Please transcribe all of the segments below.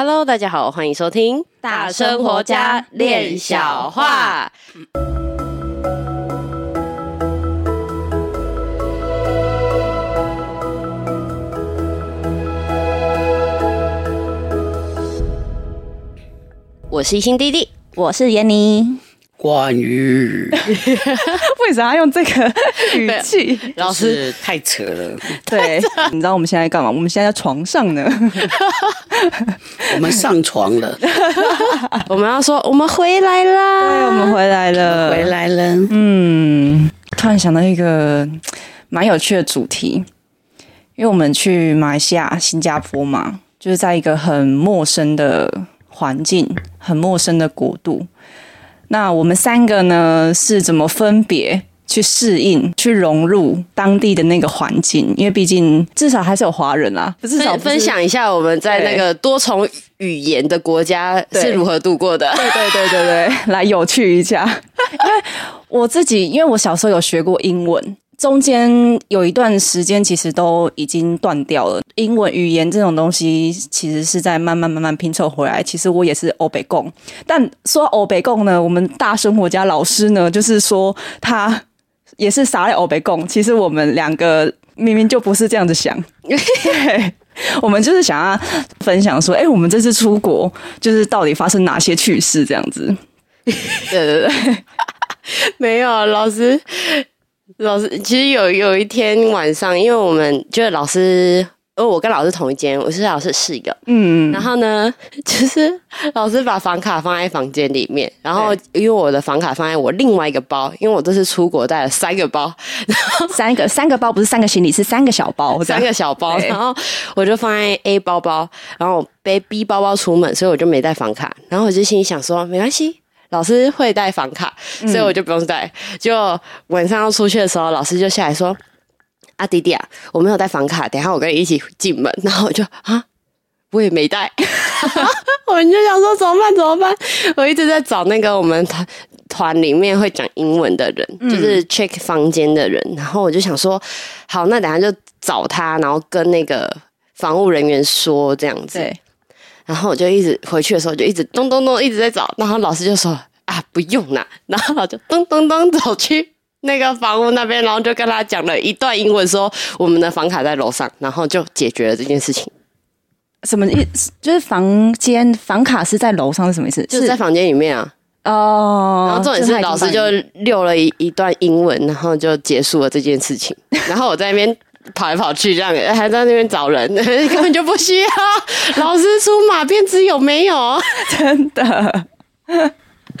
Hello，大家好，歡迎收聽大生活家練小話。我是一星蒂蒂，我是妍妮。貫譽。 為啥要用這個語氣？老師、就是、太扯了。對，扯你知道我們現在幹嘛？我們現在在床上呢。 我們上床了。 我們要說，我們回來了。對，我們回來了。回來了。嗯，突然想到一個蠻有趣的主題，因為我們去馬來西亞、新加坡嘛，就是在一個很陌生的環境，很陌生的國度。那我們三個呢，是怎麼分別去適應、去融入當地，的那個環境？因為畢竟至少還是有華人啊，至少不是，分享一下我們在那個多重語言的國家是如何度過的。對對，對對對對對， 來有趣一下。因 為我自己，因為我小時候有學過英文。中間有一段時間，其實都已經斷掉了。英文語言這種東西，其實是在慢慢慢慢拼湊回來。其實我也是歐北共，但說歐北共呢，我們大生活家老師呢，就是說他也是傻在歐北共。其實我們兩個明明就不是這樣子想， 我們就是想要分享說，哎、欸，我們這次出國，就是到底發生哪些趣事這樣子。對對對，沒有老師。老師，其實有有一天晚上，因為我們就是老師，呃，我跟老師同一間，我是老師試一個，嗯，然後呢，就是老師把房卡放在房間裡面，然後因為我的房卡放在我另外一個包，因為我這次出國帶了三個包，然後三個三個包不是三個行李，是三個小包，三個小包，對然後我就放在 A 包包，然後我背 B 包包出門，所以我就沒帶房卡，然後我就心裡想說，沒關係。老師會帶房卡，所以我就不用帶。嗯、就晚上要出去的時候，老師就下來說：“啊，蒂蒂啊，我沒有帶房卡，等一下我跟你一起進門。”然後我就啊，我也沒帶， 我就想說怎麼辦？怎麼辦？我一直在找那個我們團團裡面會講英文的人，嗯、就是 check 房間的人。然後我就想說，好，那等一下就找他，然後跟那個房務人員說這樣子。對。然後我就一直回去的時候，就一直咚咚咚一直在找。然後老師就說。啊，不用了、啊，然後就噔噔噔走去那個房屋那邊，然後就跟他講了一段英文，說我們的房卡在樓上，然後就解決了這件事情。什麼意思？就是房間房卡是在樓上是什麼意思？就是在房間裡面啊。哦、呃。然後重點是老師就溜了一一段英文，然後就結束了這件事情。然後我在那邊跑來跑去，這樣還在那邊找人，呵呵根本就不需要 老師出馬便知有沒有？真的。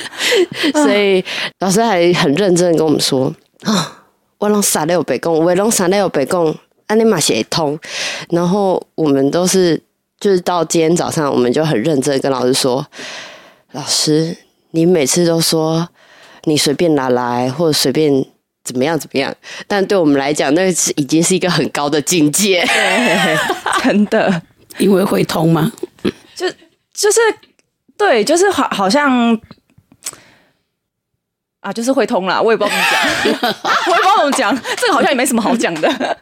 所以老師還很認真跟我們說啊，我攏三六北共，我攏三六北共，安尼嘛是會通。然後我們都是就是到今天早上，我們就很認真跟老師說，老師，你每次都說你隨便拿來或者隨便怎麼樣怎麼樣，但對我們來講，那是已經是一個很高的境界。真的， 因為會通嗎、嗯？就就是對，就是好，好像。啊，就是匯通啦，我也不知道怎麼講，我也不知道怎麼講， 這個好像也沒什麼好講的，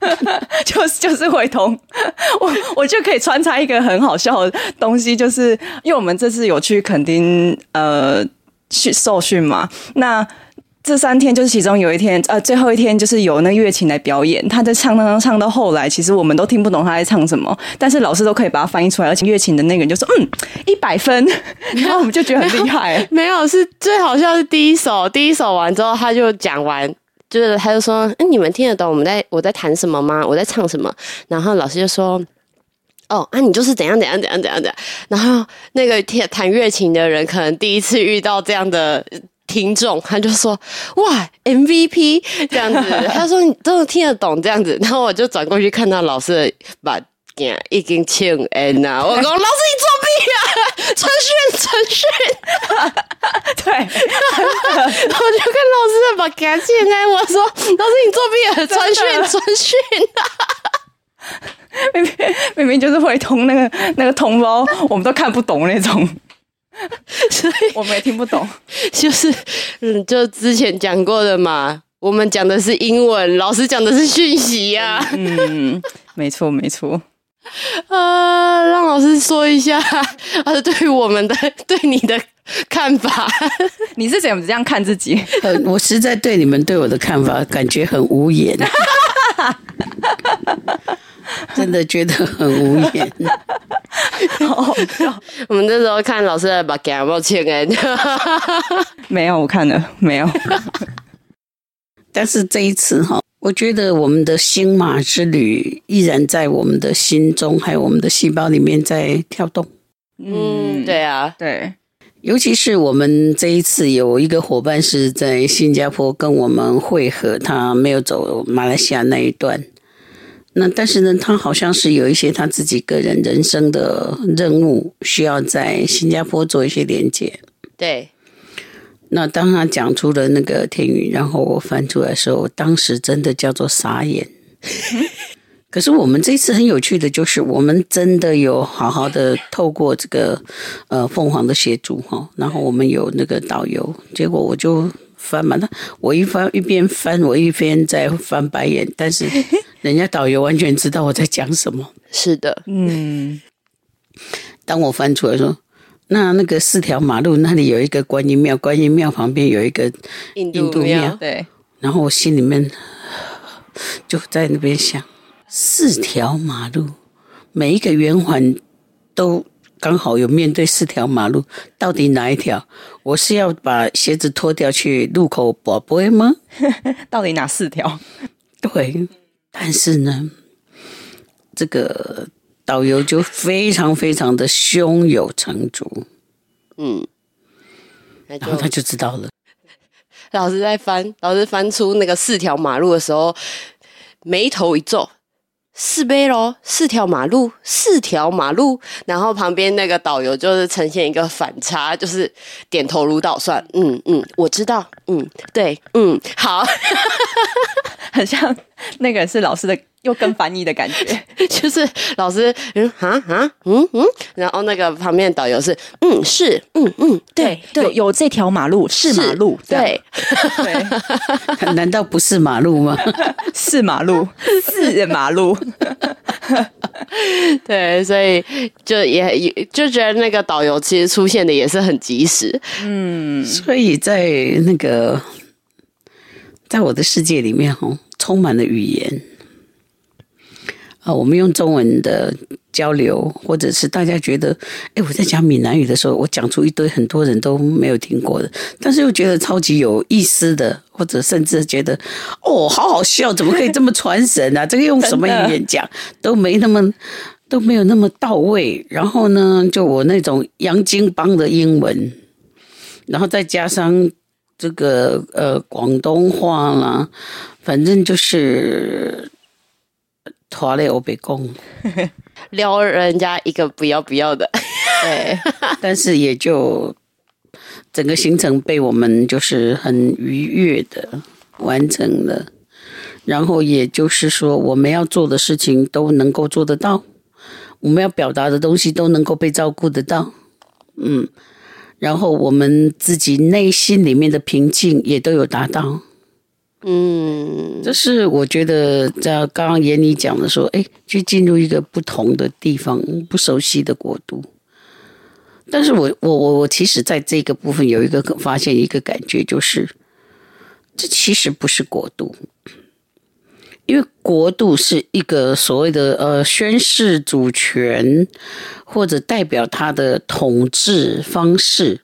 就 就是、就是匯通， 我我就可以穿插一個很好笑的東西，就是因為我們這次有去墾丁，呃，訓受訓嘛，那。這三天就是其中有一天，呃，最後一天就是由那樂琴來表演。他在唱，當唱到後來，其實我們都聽不懂他在唱什麼，但是老師都可以把它翻譯出來。而且樂琴的那個人就說：“嗯，一百分。沒有”然後我們就覺得很厲害沒。沒有，是最好笑的是第一首，第一首完之後他就講完，就是他就說：“嗯，你們聽得懂我們在我在彈什麼嗎？我在唱什麼？”然後老師就說：“哦，啊，你就是怎樣怎樣怎樣怎樣的。”然後那個彈彈樂琴的人可能第一次遇到這樣的。聽眾，他就說，哇，MVP 這樣子，他說你真的聽得懂這樣子，然後我就轉過去看到老師把，已經唱 N 吶，我說老師你作弊了 啊，傳訊傳訊，對，我就看老師在把他唱 N，我說老師你作弊啊，傳訊傳訊，的 明明明明就是會通那個那個同胞，我們都看不懂那種。所以，我沒也聽不懂。就是，嗯，就之前講過的嘛。我們講的是英文，老師講的是訊息呀、啊 嗯。嗯，沒錯，沒錯。呃，讓老師說一下，老、啊、師對於我們的、對你的看法。 你是怎麼這樣看自己、嗯？我實在對你們對我的看法感覺很無言。 真的覺得很無言， 好，好笑。我們那時候看老師還把 gamble 簽給人家。沒有我看了沒有。 但是這一次哈，我覺得我們的星馬之旅依然在我們的心中，還有我們的細胞裡面在跳動。嗯，對啊，對。尤其是我們這一次有一個夥伴是在新加坡跟我們會合，他沒有走馬來西亞那一段。那但是呢，他好像是有一些他自己個人人生的任務，需要在新加坡做一些連接。對，那當他講出了那個天語，然後我翻出來的時候，當時真的叫做傻眼。 可是我們這次很有趣的就是，我們真的有好好的透過這個呃鳳凰的協助哈，然後我們有那個導遊，結果我就翻嘛，他我一翻一邊翻，我一邊在翻白眼，但是。人家導遊完全知道我在講什麼。是的，嗯。當我翻出來說：“那那個四條馬路那裡有一個觀音廟，觀音廟旁邊有一個印度廟。印度廟”對。然後我心裡面就在那邊想：四條馬路，每一個圓環都剛好有面對四條馬路，到底哪一條？我是要把鞋子脫掉去路口拔杯嗎？ 到底哪四條？對。但是呢，這個導遊就非常非常的胸有成竹，嗯，然後他就知道了。老師在翻，老師翻出那個四條馬路的時候，眉頭一皺。四杯咯，四條馬路，四條馬路。然後旁邊那個導遊就是呈現一個反差，就是點頭如搗蒜。嗯嗯，我知道。嗯，對，嗯，好， 很像那個是老師的。就跟翻譯的感覺， 就是老師，嗯，啊啊，嗯嗯，然後那個旁邊導遊是，嗯是，嗯嗯，對對，對有,有這條馬路是馬路，對是樣對， 很難道不是馬路嗎？ 是馬路，是馬路， 對，所以就也也就覺得那個導遊其實出現的也是很及時，嗯，所以在那個在我的世界裡面，充滿了語言。啊，我們用中文的交流，或者是大家覺得，哎，我在講閩南語的時候，我講出一堆很多人都沒有聽過的，但是又覺得超級有意思的，或者甚至覺得，哦，好好笑，怎麼可以這麼傳神啊？ 這個用什麼語言講都沒那麼都沒有那麼到位。然後呢，就我那種洋涇浜的英文，然後再加上這個呃廣東話啦，反正就是。拖累我被供，撩 人家一個不要不要的，對， 但是也就整個行程被我們就是很愉悅的完成了，然後也就是說我們要做的事情都能夠做得到，我們要表達的東西都能夠被照顧得到，嗯，然後我們自己內心裡面的平靜也都有達到。嗯，這是我覺得在剛剛妍妮講的說，哎，就進入一個不同的地方，不熟悉的國度。但是我我我我其實在這個部分有一個發現，一個感覺就是，這其實不是國度，因為國度是一個所謂的呃宣誓主權或者代表它的統治方式，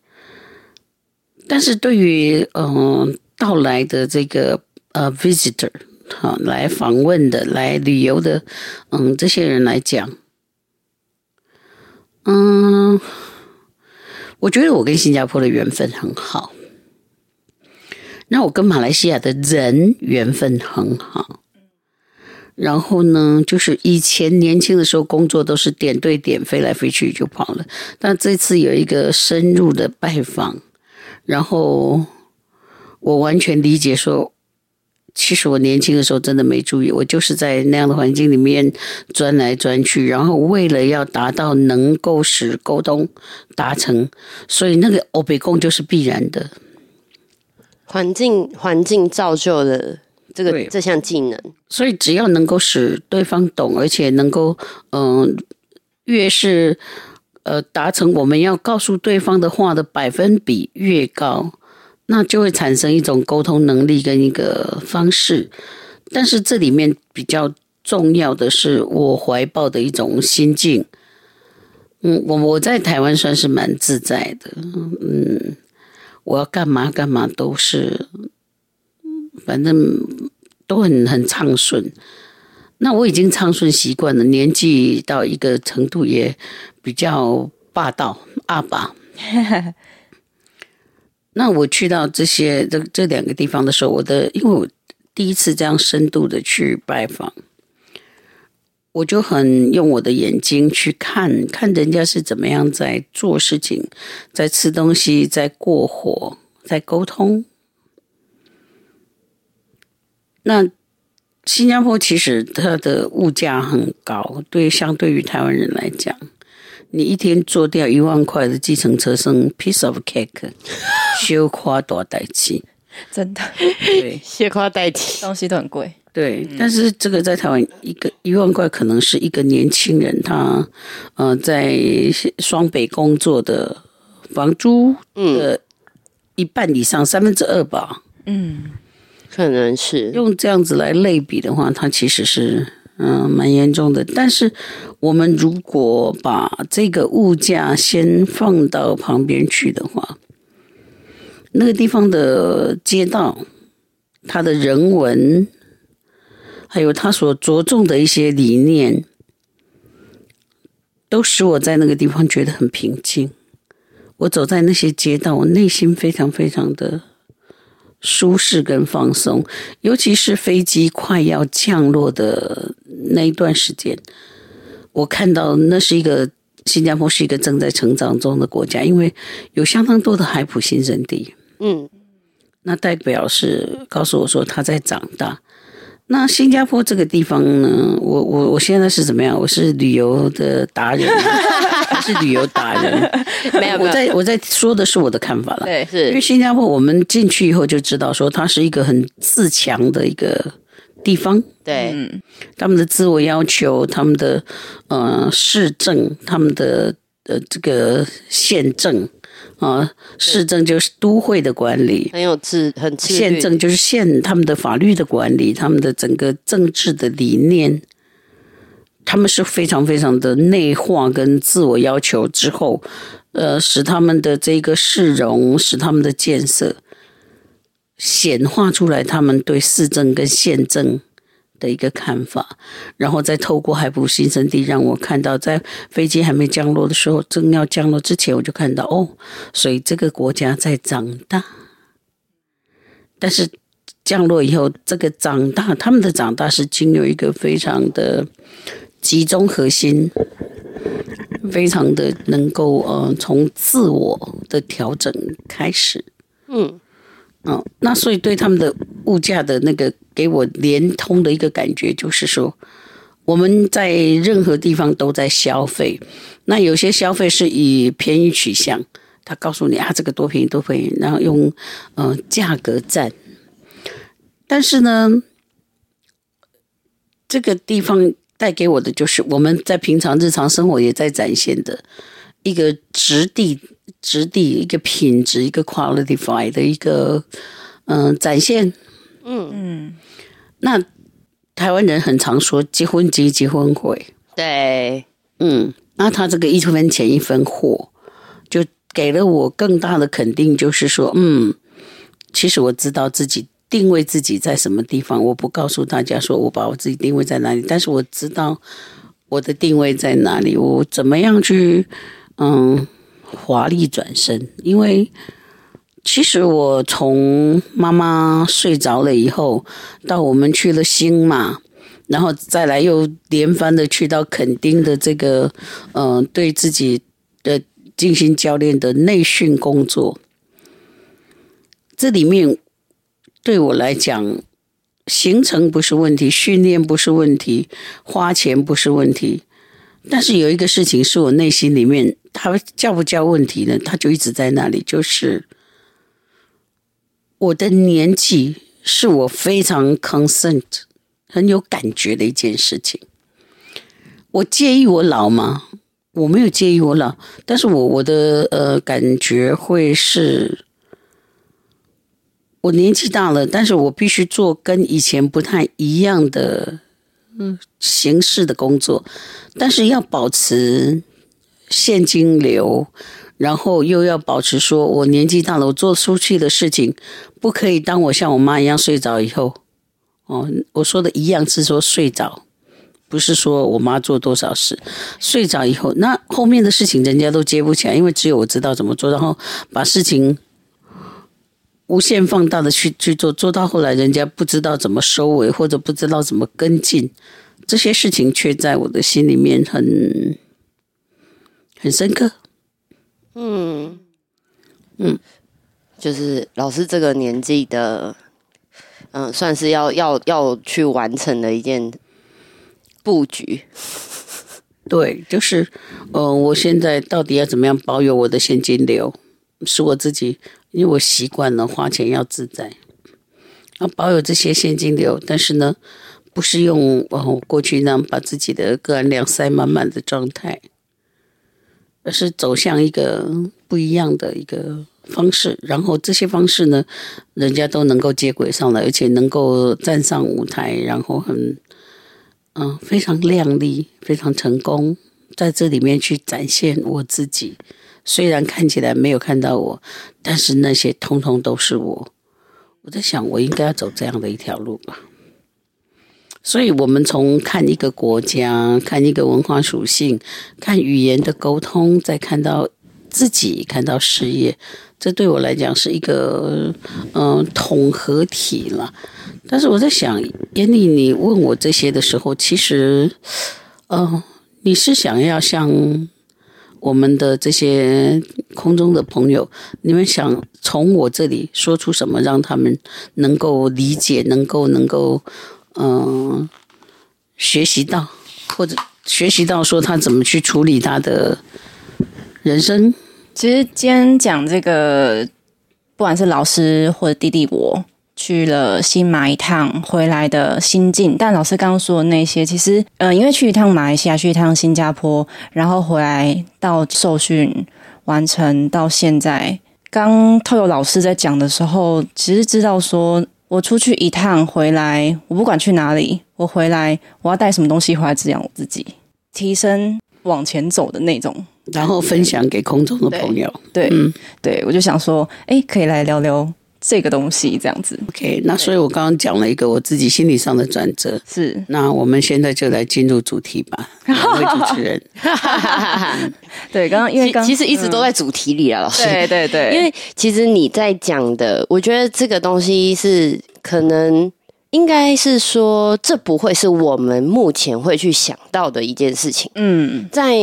但是對於嗯。呃到來的這個呃、uh, visitor，好、啊、來訪問的來旅遊的，嗯，這些人來講，嗯，我覺得我跟新加坡的緣分很好，那我跟馬來西亞的人緣分很好，然後呢，就是以前年輕的時候工作都是點對點飛來飛去就跑了，但這次有一個深入的拜訪，然後。我完全理解，說，其實我年輕的時候真的沒注意，我就是在那樣的環境裡面鑽來鑽去，然後為了要達到能夠使溝通達成，所以那個歐北共就是必然的。環境環境造就了這個對這項技能，所以只要能夠使對方懂，而且能夠，嗯、呃，越是呃達成我們要告訴對方的話的百分比越高，那就會產生一種溝通能力跟一個方式，但是這裡面比較重要的是我懷抱的一種心境。嗯，我我在台灣算是蠻自在的，嗯，我要幹嘛幹嘛都是，嗯，反正都很很暢順。那我已經暢順習慣了，年紀到一個程度也比較霸道，阿爸。 那我去到這些這這兩個地方的時候，我的因為我第一次這樣深度的去拜訪，我就很用我的眼睛去看看人家是怎麼樣在做事情，在吃東西，在過活，在溝通。那新加坡其實它的物價很高，對，相對於台灣人來講。你一天坐掉一萬塊的計程車，算 piece of cake，小誇 大代替，真的，對，小誇代替東西都很貴，對。嗯、但是這個在台灣，一個一萬塊可能是一個年輕人他，呃，在雙北工作的房租的、嗯呃，一半以上，三分之二吧，嗯，可能是用這樣子來類比的話，他其實是。嗯，蠻嚴重的。但是，我們如果把這個物價先放到旁邊去的話，那個地方的街道，它的人文，還有它所着重的一些理念，都使我在那個地方覺得很平靜。我走在那些街道，我內心非常非常的。舒適跟放鬆，尤其是飛機快要降落的那一段時間，我看到那是一個新加坡，是一個正在成長中的國家，因為有相當多的海埔新生地，嗯，那代表是告訴我說他在長大。那新加坡這個地方呢，我我我現在是怎麼樣？我是旅遊的達人。 是旅遊達人，沒有，我在我在說的是我的看法了。對，是因為新加坡，我們進去以後就知道，說它是一個很自強的一個地方。對，嗯，他們的自我要求，他們的呃市政，他們的呃這個憲政啊、呃，市政就是都會的管理，很有自很憲政就是憲他們的法律的管理，他們的整個政治的理念。他們是非常非常的內化跟自我要求之後，呃，使他們的這個市容、使他們的建設顯化出來，他們對市政跟憲政的一個看法，然後再透過海埔新生地讓我看到，在飛機還沒降落的時候，正要降落之前，我就看到哦，所以這個國家在長大。但是降落以後，這個長大，他們的長大是經由一個非常的。集中核心，非常的能夠呃，從自我的調整開始。嗯、哦，那所以對他們的物價的那個給我連通的一個感覺，就是說我們在任何地方都在消費，那有些消費是以便宜取向，他告訴你啊，這個多便宜多便宜，然後用呃價格戰，但是呢，這個地方。帶給我的就是我們在平常日常生活也在展現的一個質地、質地一個品質、一個 qualified 的、呃、一個嗯展現，嗯嗯。那台灣人很常說“結婚結，結婚會”。對，嗯。那他這個一分錢一分貨，就給了我更大的肯定，就是說，嗯，其實我知道自己。定位自己在什麼地方，我不告訴大家說，我把我自己定位在哪裡，但是我知道我的定位在哪裡，我怎麼樣去嗯華麗轉身？因為其實我從媽媽睡着了以後，到我們去了新馬，然後再來又連番的去到墾丁的這個嗯對自己的進行教練的內訓工作，這裡面。對我來講，行程不是問題，訓練不是問題，花錢不是問題。但是有一個事情是我內心裡面，他叫不叫問題呢？他就一直在那裡，就是我的年紀，是我非常 concern 很有感覺的一件事情。我介意我老嗎？我沒有介意我老，但是我我的呃感覺會是。我年紀大了，但是我必須做跟以前不太一樣的嗯，形式的工作，但是要保持現金流，然後又要保持說我年紀大了，我做出去的事情不可以，當我像我媽一樣睡着以後，哦，我說的一樣是說睡着，不是說我媽做多少事。睡着以後，那後面的事情人家都接不起來，因為只有我知道怎麼做，然後把事情。無限放大的去去做，做到後來人家不知道怎麼收尾，或者不知道怎麼跟進，這些事情卻在我的心裡面很很深刻。嗯嗯，嗯就是老師這個年紀的，嗯、呃，算是要要要去完成的一件布局。 對，就是嗯、呃，我現在到底要怎麼樣保有我的現金流？是我自己。因為我習慣了花錢要自在，啊，保有這些現金流，但是呢，不是用哦過去那樣把自己的個案量塞滿滿的狀態，而是走向一個不一樣的一個方式。然後這些方式呢，人家都能夠接軌上來，而且能夠站上舞台，然後很嗯、啊、非常亮麗、非常成功，在這裡面去展現我自己。雖然看起來沒有看到我，但是那些通通都是我。我在想，我應該要走這樣的一條路吧。所以，我們從看一個國家、看一個文化屬性、看語言的溝通，再看到自己、看到事業，這對我來講是一個嗯、呃、統合體了。但是，我在想，妍妮，你問我這些的時候，其實，嗯、呃，你是想要像。我們的這些空中的朋友，你們想從我這裡說出什麼，讓他們能夠理解，能夠能夠，嗯、呃，學習到，或者學習到說他怎麼去處理他的人生。其實今天講這個，不管是老師或者蒂蒂我。去了新馬一趟，回來的心境。但老師剛剛說的那些，其實，嗯、呃，因為去一趟馬來西亞，去一趟新加坡，然後回來到受訓完成到現在，剛都有老師在講的時候，其實知道說，我出去一趟回來，我不管去哪裡，我回來我要帶什麼東西回來滋養我自己，提升往前走的那種，然後分享給空中的朋友。對，對，嗯、對，我就想說，哎、欸，可以來聊聊。這個東西這樣子，OK。那所以我剛剛講了一個我自己心理上的轉折，是對。那我們現在就來進入主題吧。兩是位主持人， 嗯、對，剛剛因為剛其，其實一直都在主題裡了，嗯、老師。對對對，對對因為其實你在講的，我覺得這個東西是可能應該是說，這不會是我們目前會去想到的一件事情。嗯，在。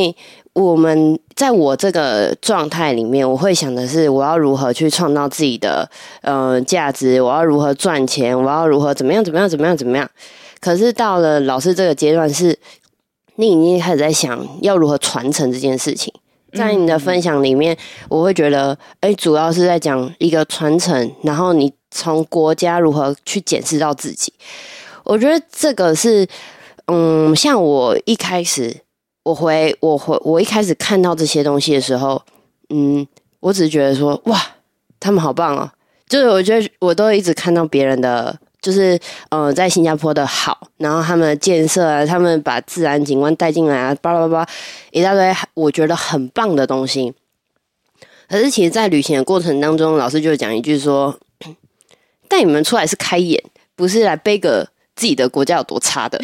我們在我這個狀態裡面，我會想的是，我要如何去創造自己的嗯、呃、價值，我要如何賺錢，我要如何怎麼樣怎麼樣怎麼樣怎麼樣。可是到了老師這個階段是，是你已經開始在想要如何傳承這件事情。在你的分享裡面，我會覺得，哎，主要是在講一個傳承，然後你從國家如何去檢視到自己。我覺得這個是，嗯，像我一開始。我回，我回，我一開始看到這些東西的時候，嗯，我只是覺得說哇，他們好棒哦！就是我覺得我都一直看到別人的，就是嗯，在新加坡的好，然後他們的建設啊，他們把自然景觀帶進來啊，巴拉巴拉一大堆，我覺得很棒的東西。可是其實，在旅行的過程當中，老師就講一句說：“帶你們出來是開眼，不是來背個自己的國家有多差的。”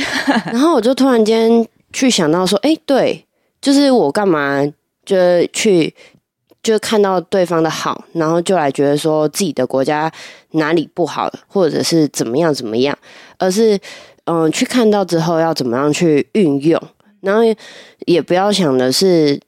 然後我就突然間。去想到說，誒、欸，對，就是我幹嘛就去就看到對方的好，然後就來覺得說自己的國家哪裡不好，或者是怎麼樣怎麼樣，而是嗯去看到之後要怎麼樣去運用，然後也不要想的是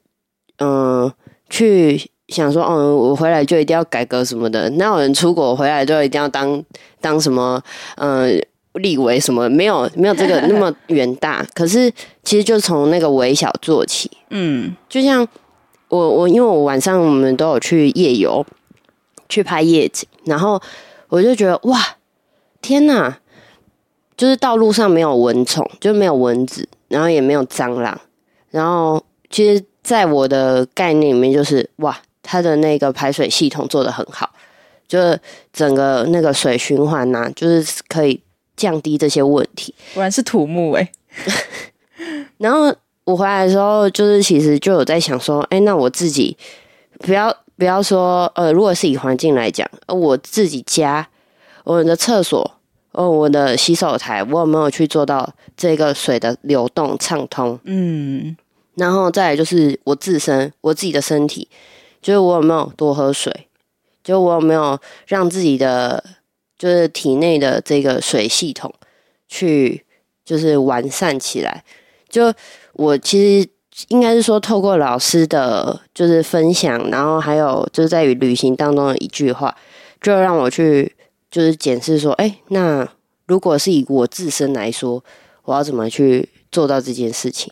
嗯去想說，哦，我回來就一定要改革什麼的，那有人出國回來就一定要當當什麼，嗯。立為什麼沒有沒有這個那麼遠大？ 可是其實就從那個微小做起。嗯，就像我我因為我晚上我們都有去夜遊，去拍夜景，然後我就覺得哇，天吶，就是道路上沒有蚊蟲，就沒有蚊子，然後也沒有蟑螂。然後其實，在我的概念裡面，就是哇，它的那個排水系統做得很好，就整個那個水循環吶、啊，就是可以。降低這些問題，果然是土木哎、欸。 然後我回來的時候，就是其實就有在想說，哎、欸，那我自己不要不要說，呃，如果是以環境來講、呃，我自己家、我的廁所、哦、呃，我的洗手台，我有沒有去做到這個水的流動暢通？嗯，然後再來就是我自身我自己的身體，就是我有沒有多喝水？就我有沒有讓自己的就是體內的這個水系統，去就是完善起來。就我其實應該是說，透過老師的就是分享，然後還有就是在於旅行當中的一句話，就讓我去就是檢視說，誒，那如果是以我自身來說，我要怎麼去做到這件事情？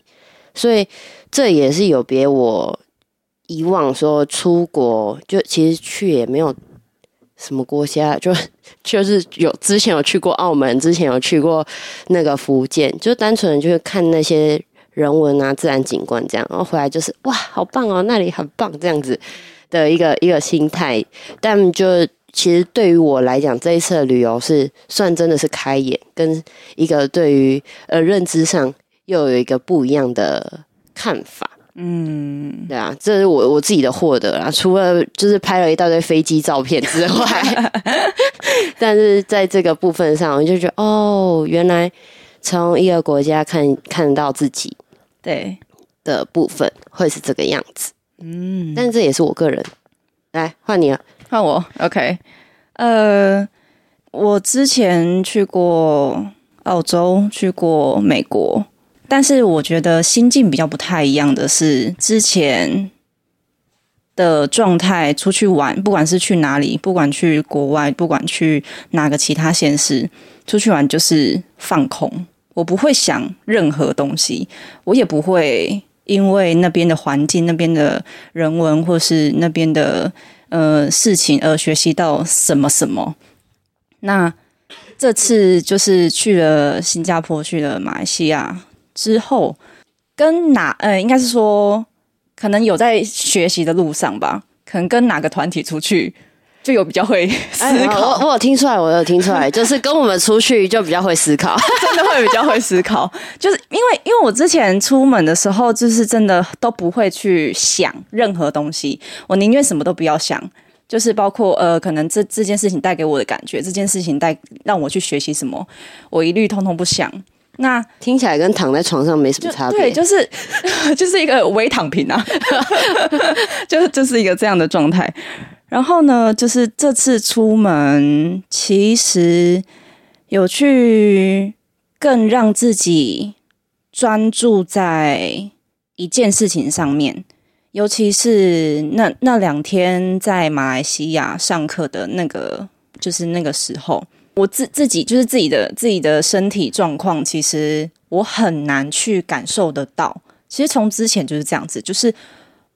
所以這也是有別我以往說出國，就其實去也沒有。什麼國家，就就是有之前有去過澳門，之前有去過那個福建，就單純就是看那些人文啊、自然景觀這樣，然後回來就是哇，好棒哦，那裡很棒，這樣子的一個一個心態。但就其實對於我來講，這一次的旅遊是算真的是開眼，跟一個對於呃認知上又有一個不一樣的看法。嗯，對啊，這是我我自己的獲得啦。除了就是拍了一大堆飛機照片之外， 但是在這個部分上，我就覺得哦，原來從一個國家看看到自己對的部分會是這個樣子。對嗯，但是這也是我個人。來，換你了。換我，OK。呃，我之前去過澳洲，去過美國。但是我覺得心境比較不太一樣的是，之前的狀態出去玩，不管是去哪裡，不管去國外，不管去哪個其他縣市，出去玩就是放空，我不會想任何東西，我也不會因為那邊的環境、那邊的人文或是那邊的呃事情而學習到什麼什麼。那這次就是去了新加坡，去了馬來西亞。之後，跟哪，呃，應該是說，可能有在學習的路上吧，可能跟哪個團體出去，就有比較會思考。哎、好、我我有聽出來，我有聽出來， 就是跟我們出去就比較會思考，真的會比較會思考。 就是因為因為我之前出門的時候，就是真的都不會去想任何東西，我寧願什麼都不要想，就是包括呃，可能這這件事情帶給我的感覺，這件事情帶讓我去學習什麼，我一律通通不想。那聽起來跟躺在床上沒什麼差別，對，就是就是一個微躺平啊， 就是就是一個這樣的狀態。然後呢，就是這次出門其實有去更讓自己專注在一件事情上面，尤其是那那兩天在馬來西亞上課的那個，就是那個時候。我自自己就是自己的自己的身體狀況，其實我很難去感受得到。其實從之前就是這樣子，就是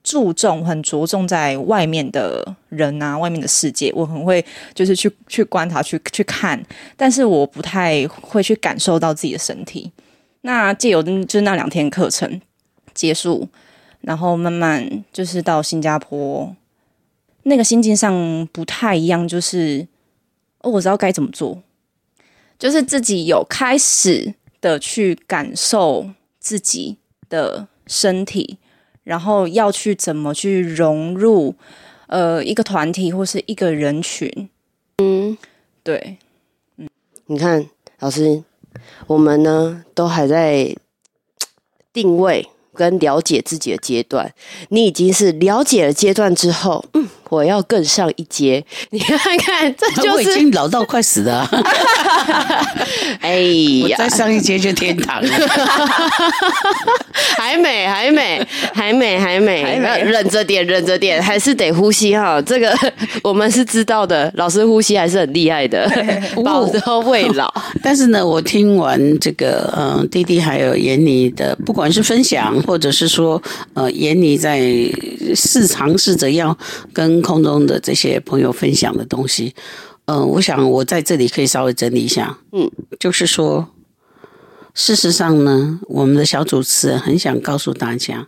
注重很着重在外面的人啊，外面的世界，我很會就是去去觀察去去看，但是我不太會去感受到自己的身體。那借由就是那兩天課程結束，然後慢慢就是到新加坡，那個心境上不太一樣，就是。哦，我知道該怎麼做，就是自己有開始的去感受自己的身體，然後要去怎麼去融入，呃，一個團體或是一個人群。嗯，對，嗯，你看，老師，我們呢都還在定位跟了解自己的階段，你已經是了解了階段之後，嗯。我要更上一階，你看看，這就是、已經老到快死了啊。 哎呀，再上一階就天堂了， 還美還美還美還美沒，忍着點忍着點，還是得呼吸哈。這個我們是知道的，老師呼吸還是很厲害的，寶刀未老。但是呢，我聽完這個，嗯、呃，蒂蒂還有妍妮的，不管是分享或者是說，呃，妍妮在試嘗試着要跟。空中的這些朋友分享的東西，嗯、呃，我想我在這裡可以稍微整理一下，嗯，就是說，事實上呢，我們的小主持人很想告訴大家，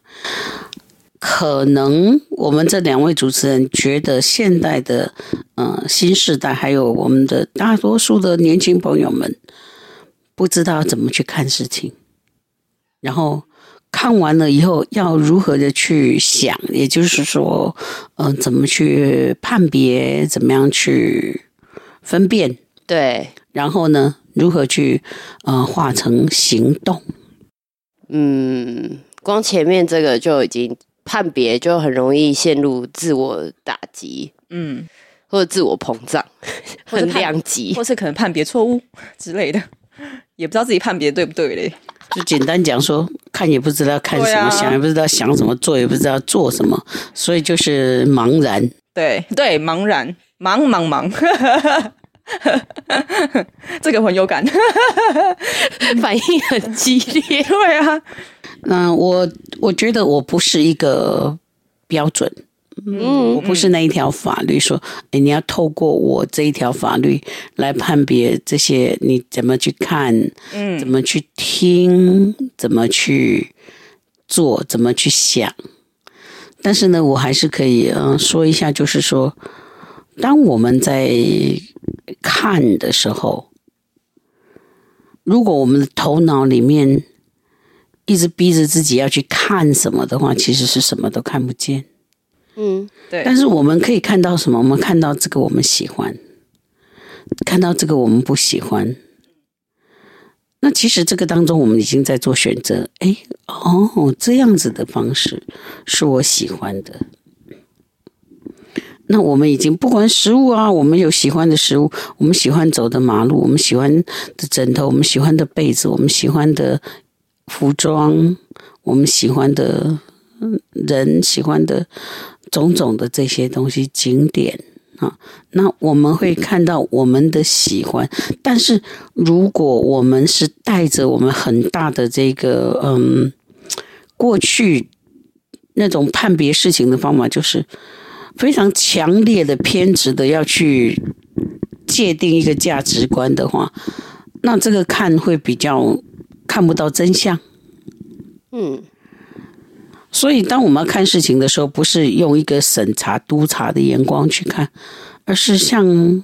可能我們這兩位主持人覺得現代的，呃，新時代還有我們的大多數的年輕朋友們，不知道怎麼去看事情，然後。看完了以後要如何的去想，也就是說，嗯、呃，怎麼去判別，怎麼樣去分辨，對，然後呢，如何去，呃，化成行動。嗯，光前面這個就已經判別就很容易陷入自我打擊，嗯，或者自我膨脹， 或者兩極，或是可能判別錯誤之類的，也不知道自己判別對不對嘞。就簡單講說，看也不知道看什麼，啊、想也不知道想什麼，做也不知道做什麼，所以就是茫然。對對，茫然，茫茫茫。 這個很有感， 反應很激烈。 對啊，那我我覺得我不是一個標準。嗯，我不是那一條法律說，你要透過我這一條法律來判別這些，你怎麼去看，怎麼去聽，怎麼去做，怎麼去想。但是呢，我還是可以，呃說一下，就是說，當我們在看的時候，如果我們的頭腦裡面一直逼着自己要去看什麼的話，其實是什麼都看不見。嗯，對。但是我們可以看到什麼？我們看到這個，我們喜歡；看到這個，我們不喜歡。那其實這個當中，我們已經在做選擇。哎，哦，這樣子的方式是我喜歡的。那我們已經不管食物啊，我們有喜歡的食物，我們喜歡走的馬路，我們喜歡的枕頭，我們喜歡的被子，我們喜歡的服裝，我們喜歡的人，喜歡的。種種的這些東西景點啊，那我們會看到我們的喜歡，但是如果我們是帶着我們很大的這個嗯，過去那種判別事情的方法，就是非常強烈的偏執的要去界定一個價值觀的話，那這個看會比較看不到真相。嗯。所以，當我們看事情的時候，不是用一個審查、督查的眼光去看，而是像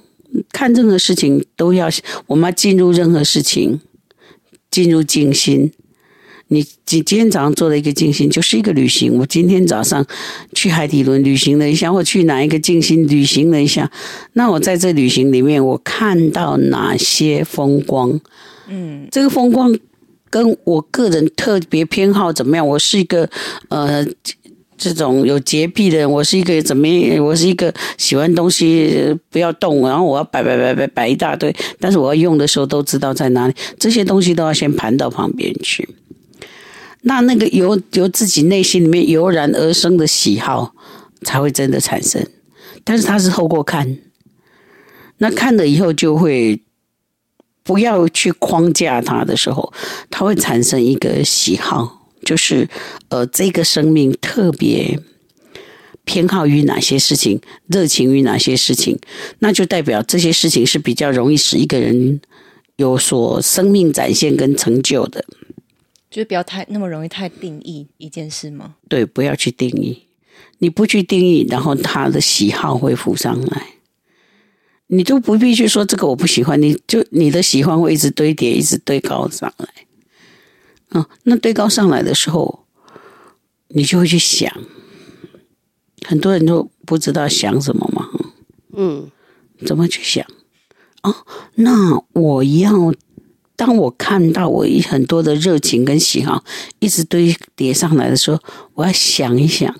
看任何事情都要，我們要進入任何事情，進入靜心。你今今天早上做了一個靜心，就是一個旅行。我今天早上去海底輪旅行了一下，或去哪一個靜心旅行了一下。那我在這旅行裡面，我看到哪些風光？嗯，這個風光。跟我個人特別偏好怎麼樣？我是一個，呃，這種有潔癖的人。我是一個怎麼樣？我是一個喜歡東西不要動，然後我要擺擺擺擺擺一大堆。但是我要用的時候都知道在哪裡，這些東西都要先盤到旁邊去。那那個由由自己內心裡面油然而生的喜好才會真的產生，但是他是透過看，那看了以後就會。不要去框架他的時候，他會產生一個喜好，就是呃，這個生命特別偏好於哪些事情，熱情於哪些事情，那就代表這些事情是比較容易使一個人有所生命展現跟成就的。就不要太那麼容易太定義一件事嗎？對，不要去定義，你不去定義，然後他的喜好會浮上來。你就不必去說這個我不喜歡，你就你的喜歡會一直堆疊，一直堆高上來。啊、嗯，那堆高上來的時候，你就會去想。很多人都不知道想什麼嘛，嗯，怎麼去想啊、嗯？那我要，當我看到我一很多的熱情跟喜好一直堆疊上來的時候，我要想一想。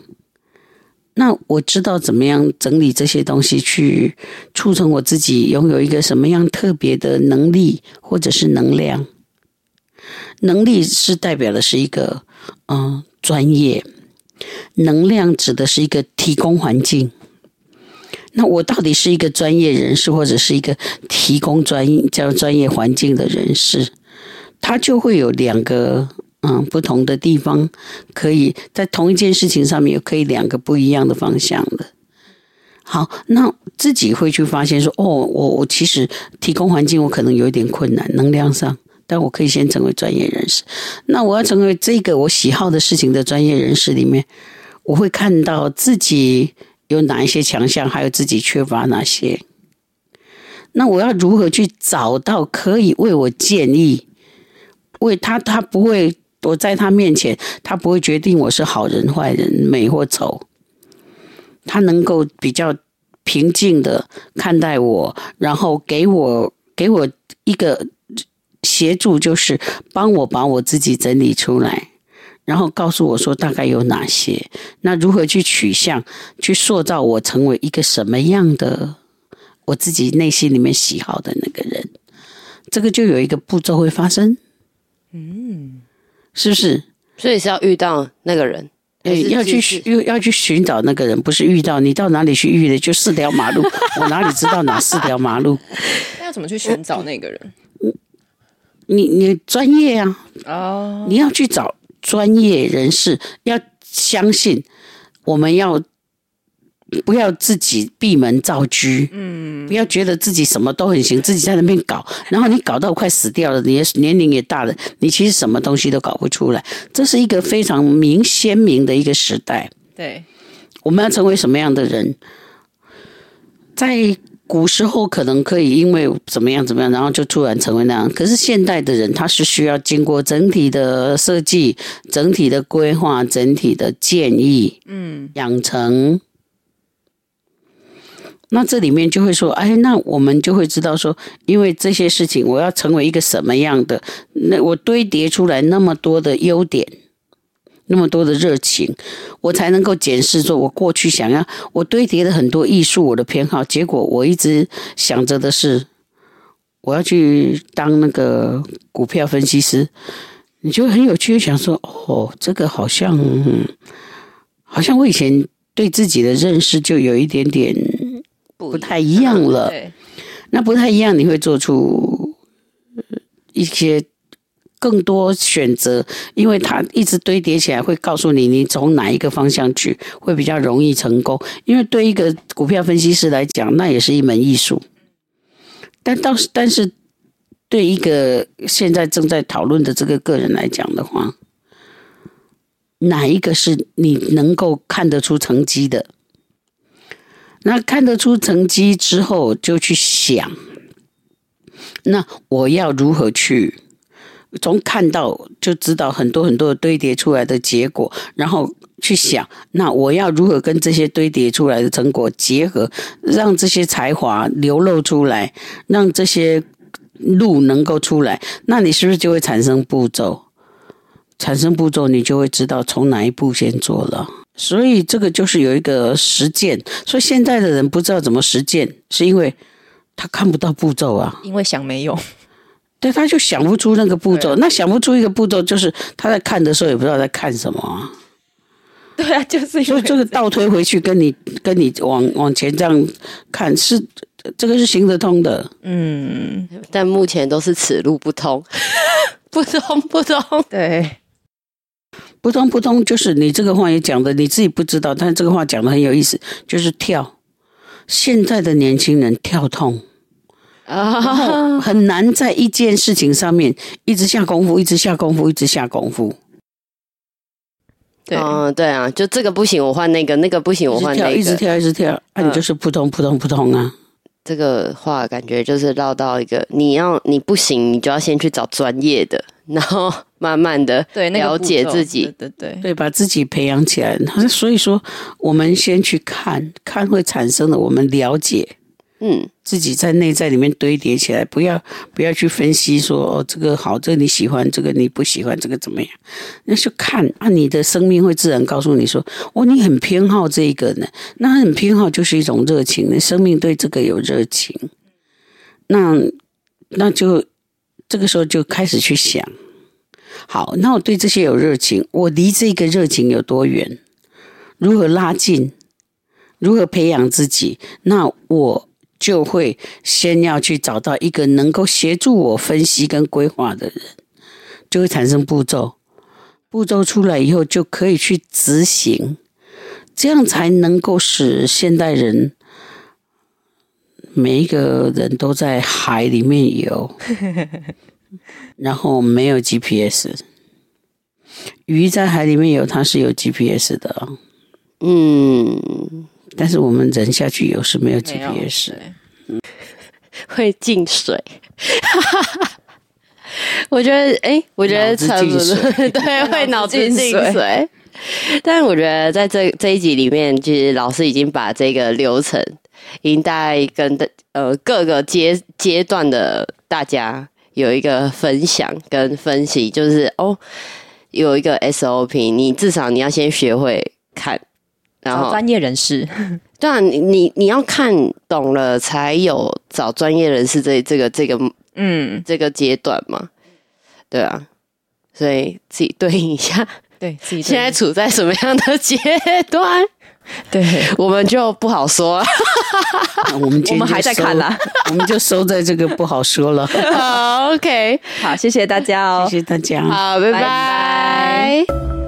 那我知道怎麼樣整理這些東西，去促成我自己擁有一個什麼樣特別的能力，或者是能量。能力是代表的是一個嗯專業，能量指的是一個提供環境。那我到底是一個專業人士，或者是一個提供專業叫專業環境的人士，他就會有兩個。嗯，不同的地方可以在同一件事情上面，又可以兩個不一樣的方向的。好，那自己會去發現說，哦，我我其實提供環境，我可能有一點困難，能量上，但我可以先成為專業人士。那我要成為這個我喜好的事情的專業人士裡面，我會看到自己有哪一些強項，還有自己缺乏哪些。那我要如何去找到可以為我建議，為他他不會。我在他面前，他不會決定我是好人壞人、美或醜。他能夠比較平靜地看待我，然後給我給我一個協助，就是幫我把我自己整理出來，然後告訴我說大概有哪些，那如何去取向，去塑造我成為一個什麼樣的我自己內心裡面喜好的那個人，這個就有一個步驟會發生。嗯。是不是？所以是要遇到那個人，欸、要去尋，要去尋找那個人，不是遇到。你到哪裡去遇的就四條馬路， 我哪裡知道哪四條馬路？那 要怎麼去尋找那個人？你你你專業啊！哦，oh. 你要去找專業人士，要相信，我們要。不要自己閉門造車，嗯，不要覺得自己什麼都很行，自己在那邊搞，然後你搞到快死掉了，你也是年齡也大了，你其實什麼東西都搞不出來。這是一個非常明鮮明的一個時代，對，我們要成為什麼樣的人？在古時候可能可以因為怎麼樣怎麼樣，然後就突然成為那樣。可是現代的人他是需要經過整體的設計、整體的規劃、整體的建議，嗯，養成。那這裡面就會說，哎，那我們就會知道說，因為這些事情，我要成為一個什麼樣的？那我堆疊出來那麼多的優點，那麼多的熱情，我才能夠檢視說，我過去想要我堆疊了很多藝術，我的偏好，結果我一直想着的是，我要去當那個股票分析師。你就很有趣，想說，哦，這個好像，好像我以前對自己的認識就有一點點。不太一樣了，那不太一樣，你會做出一些更多選擇，因為他一直堆疊起來，會告訴你你從哪一個方向去會比較容易成功。因為對一個股票分析師來講，那也是一門藝術。但到，但是對一個現在正在討論的這個個人來講的話，哪一個是你能夠看得出成績的？那看得出成績之後，就去想，那我要如何去？從看到就知道很多很多的堆疊出來的結果，然後去想，那我要如何跟這些堆疊出來的成果結合，讓這些才華流露出來，讓這些路能夠出來？那你是不是就會產生步驟？產生步驟，你就會知道從哪一步先做了。所以這個就是有一個實踐，所以現在的人不知道怎麼實踐，是因為他看不到步驟啊。因為想沒用，對，他就想不出那個步驟。對那想不出一個步驟，就是他在看的時候也不知道在看什麼。對啊，就是。所以這個倒推回去跟你，跟你跟你往往前這樣看，是這個是行得通的。嗯，但目前都是此路不通，不 通不通。不通對。撲通撲通，就是你這個話也講的，你自己不知道，但這個話講的很有意思，就是跳。現在的年輕人跳痛，啊，Oh. 很難在一件事情上面一直下功夫，一直下功夫，一直下功夫。對，啊，對啊，就這個不行，我換那個；那個不行，我換那個一，一直跳，一直跳，那、啊、你就是撲通撲通撲通啊。這個話感覺就是繞到一個，你要你不行，你就要先去找專業的，然後。慢慢的，對了解自己，對，那個、對對對，對，把自己培養起來。所以說，我們先去看看，看會產生的，我們了解，嗯，自己在內在裡面堆疊起來，不要不要去分析說哦，這個好，這個你喜歡，這個你不喜歡，這個怎麼樣？那就看，那、啊、你的生命會自然告訴你說，哦，你很偏好這一個呢，那很偏好就是一種熱情，那生命對這個有熱情，那那就這個時候就開始去想。好，那我對這些有熱情，我離這個熱情有多遠？如何拉近？如何培養自己？那我就會先要去找到一個能夠協助我分析跟規劃的人，就會產生步驟。步驟出來以後，就可以去執行，這樣才能夠使現代人每一個人都在海裡面游。 然後沒有 GPS，魚在海裡面有它是有 GPS 的，嗯，但是我們人下去有，是沒有 GPS，、嗯、會進水， 我覺得哎，我覺得沉，腦子進水 對，會腦子進水。 但我覺得在這這一集裡面，其、就、實、是、老師已經把這個流程已經帶跟的呃各個階階段的大家。有一個分享跟分析，就是哦，有一個 SOP，你至少你要先學會看，然後找專業人士， 對啊，你你你要看懂了才有找專業人士這個、這個這個嗯這個階段嘛，對啊，所以自己對應一下，對，自己對 現在處在什麼樣的階段？對，我們就不好說。 我們今天我們還在看啦，我們就收在這個不好說了。 oh, OK，好，謝謝大家哦，謝謝大家，好，拜拜。Bye bye